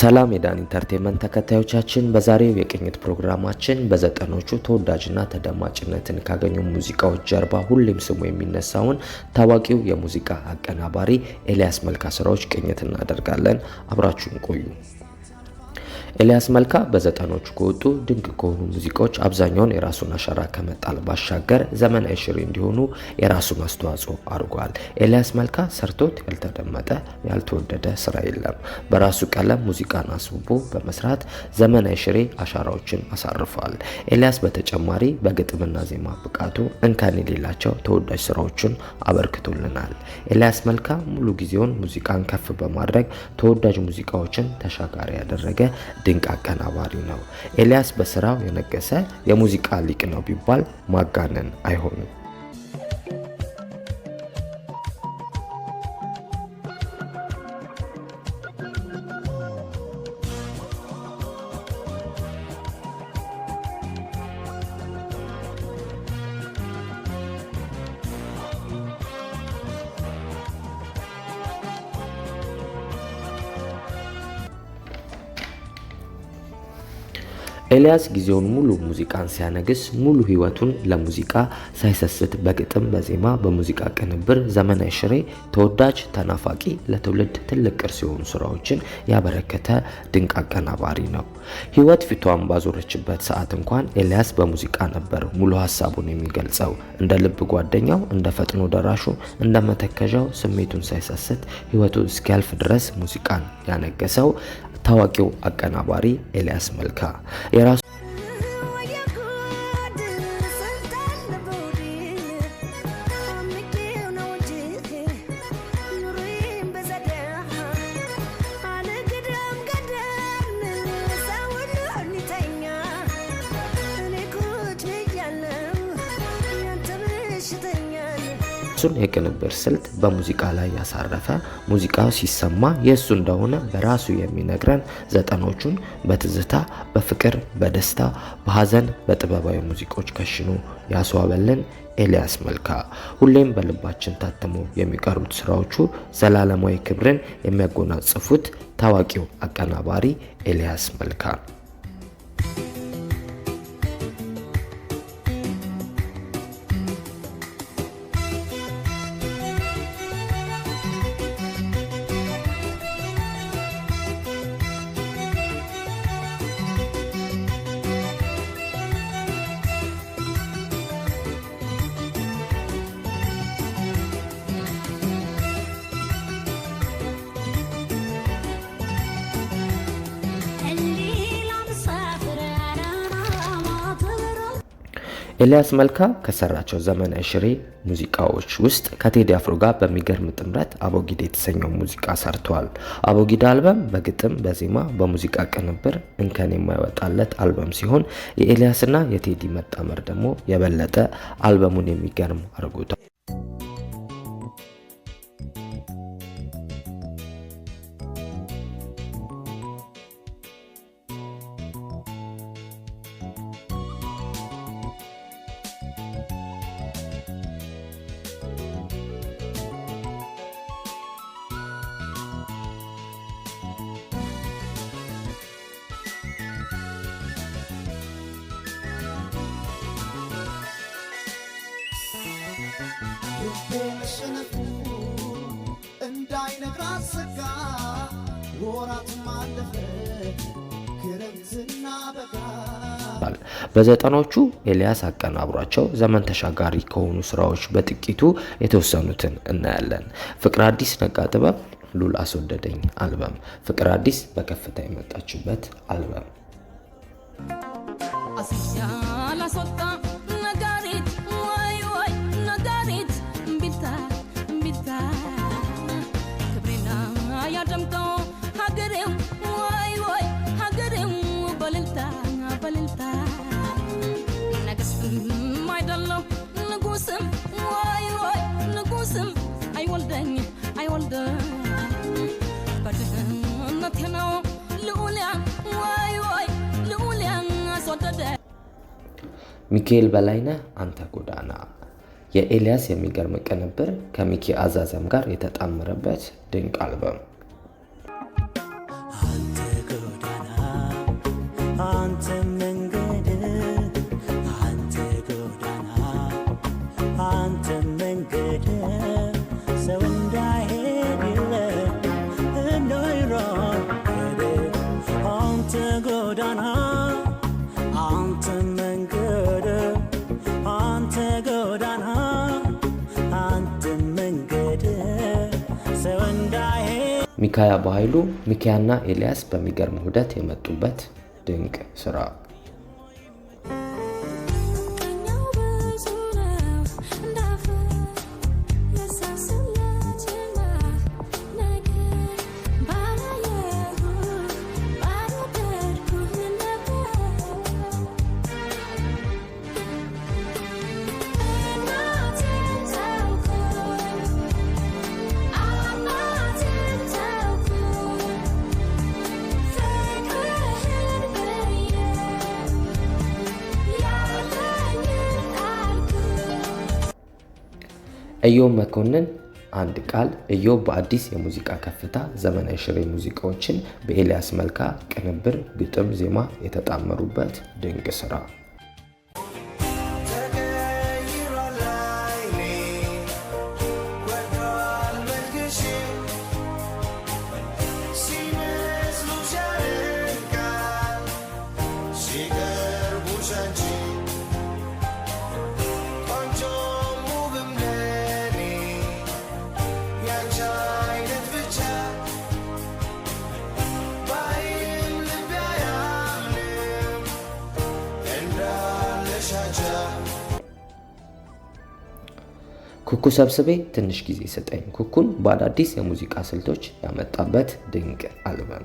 ሰላም የዳን ኢንተርቴንመንት ተከታዮቻችን፣ በዛሬው የቅኝት ፕሮግራማችን በዘጠኖቹ ተወዳጅና ተደማጭነትን ካገኙ ሙዚቃዎች ጀርባ ሁሌም ስሙ የሚነሳውን ታዋቂው የሙዚቃ አቀናባሪ ኤልያስ መልካ ስራዎች ቅኝት እናደርጋለን። አብራችሁን ቆዩ። ኤልያስ መልካ በዘጠኖቹ ከወጡ ድንቅ ከሆኑ ሙዚቃዎች አብዛኛውን የራሱን አሻራ ከመጣል ባሻገር ዘመናዊ ሽሪ እንዲሆኑ የራሱን አስተዋጽኦ አድርጓል። ኤልያስ መልካ ሰርቶት ያልተደመጠ ያልተወደደ ስራ የለም። በራሱ ቀለም ሙዚቃን አስውቦ በመስራት ዘመናዊ ሽሬ አሻራዎችን አሳርፏል። ኤልያስ በተጨማሪ በግጥምና ዜማ ብቃቱ እንከን የሌላቸው ተወዳጅ ስራዎችን አበርክቶልናል። ኤልያስ መልካ ሙሉ ጊዜውን ሙዚቃን ከፍ በማድረግ ተወዳጅ ሙዚቃዎችን ተሻጋሪ ያደረገ ድንቅ አቀናባሪ ነው። ኤልያስ በስራው የነገሰ የሙዚቃ ሊቅ ነው ቢባል ማጋነን አይሆንም። ኤልያስ ጊዜውን ሙሉ ሙዚቃን ሲያነግስ ሙሉ ሕይወቱን ለሙዚቃ ሳይሰስት በግጥም፣ በዜማ፣ በሙዚቃ ቅንብር ዘመነ ሽሬ ተወዳጅ፣ ተናፋቂ፣ ለትውልድ ትልቅ ቅርስ የሆኑ ስራዎችን ያበረከተ ድንቅ አቀናባሪ ነው። ህይወት ፊቷን ባዞረችበት ሰዓት እንኳን ኤልያስ በሙዚቃ ነበር ሙሉ ሀሳቡን የሚገልጸው። እንደ ልብ ጓደኛው፣ እንደ ፈጥኖ ደራሹ፣ እንደ መተከዣው ስሜቱን ሳይሰስት ህይወቱ እስኪያልፍ ድረስ ሙዚቃን ያነገሰው ታዋቂው አቀናባሪ ኤልያስ መልካ የራሱ የራሱን የቅንብር ስልት በሙዚቃ ላይ ያሳረፈ ሙዚቃው ሲሰማ የእሱ እንደሆነ በራሱ የሚነግረን ዘጠኖቹን በትዝታ በፍቅር በደስታ በሀዘን በጥበባዊ ሙዚቆች ከሽኑ ያስዋበልን ኤልያስ መልካ ሁሌም በልባችን ታትሞ የሚቀርቡት ስራዎቹ ዘላለማዊ ክብርን የሚያጎናጽፉት ታዋቂው አቀናባሪ ኤልያስ መልካ ነው። ኤልያስ መልካ ከሰራቸው ዘመነ ሽሬ ሙዚቃዎች ውስጥ ከቴዲ አፍሮ ጋር በሚገርም ጥምረት አቦጊዳ የተሰኘው ሙዚቃ ሰርቷል። አቦጊዳ አልበም በግጥም በዜማ በሙዚቃ ቅንብር እንከን የማይወጣለት አልበም ሲሆን የኤልያስና የቴዲ መጣመር ደግሞ የበለጠ አልበሙን የሚገርም አድርጎታል። ልቤ መሸነፉ ሰጋ ክረምትና በጋ በዘጠናዎቹ ኤልያስ አቀናብሯቸው ዘመን ተሻጋሪ ከሆኑ ስራዎች በጥቂቱ የተወሰኑትን እናያለን። ፍቅር አዲስ ነጋ ጥበብ ሉል አስወደደኝ አልበም፣ ፍቅር አዲስ በከፍታ የመጣችበት አልበም ሚካኤል በላይነህ አንተ ጎዳና የኤልያስ የሚገርም ቅንብር ከሚኪ አዛዘም ጋር የተጣመረበት ድንቅ አልበም አንተ መንገድ ሚካያ በኃይሉ ሚኪያና ኤልያስ በሚገርም ውህደት የመጡበት ድንቅ ስራ ኢዮብ መኮንን አንድ ቃል እዮ በአዲስ የሙዚቃ ከፍታ ዘመናዊ ሽሬ ሙዚቃዎችን በኤልያስ መልካ ቅንብር፣ ግጥም፣ ዜማ የተጣመሩበት ድንቅ ስራ ኩኩ ሰብስቤ ትንሽ ጊዜ ሰጠኝ ኩኩን በአዳዲስ የሙዚቃ ስልቶች ያመጣበት ድንቅ አልበም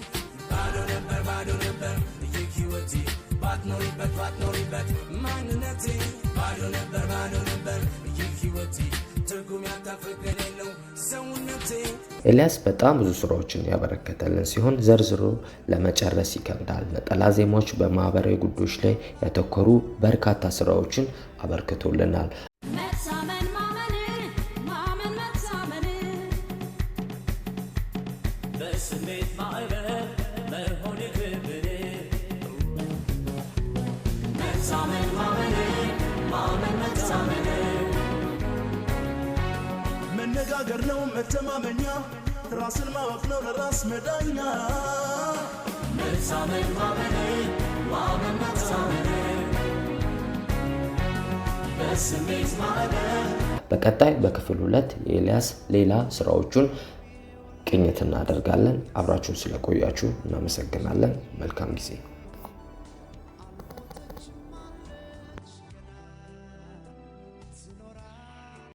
ኖሪበት ባትኖሪበት ማንነቴ ባዶ ነበር ባዶ ነበር ይህ ህይወቴ ትርጉም የለው ሰውነቴ ኤልያስ በጣም ብዙ ስራዎችን ያበረከተልን ሲሆን ዘርዝሮ ለመጨረስ ይከብዳል። ነጠላ ዜማዎች በማህበራዊ ጉዳዮች ላይ ያተኮሩ በርካታ ስራዎችን አበርክቶልናል። መነጋገር ነው መተማመኛ ራስን ማወቅ ነው ለራስ መዳኛ ማመን ማመን በስሜት በቀጣይ በክፍል ሁለት የኤልያስ ሌላ ስራዎቹን ቅኝት እናደርጋለን። አብራችሁን ስለቆያችሁ እናመሰግናለን። መልካም ጊዜ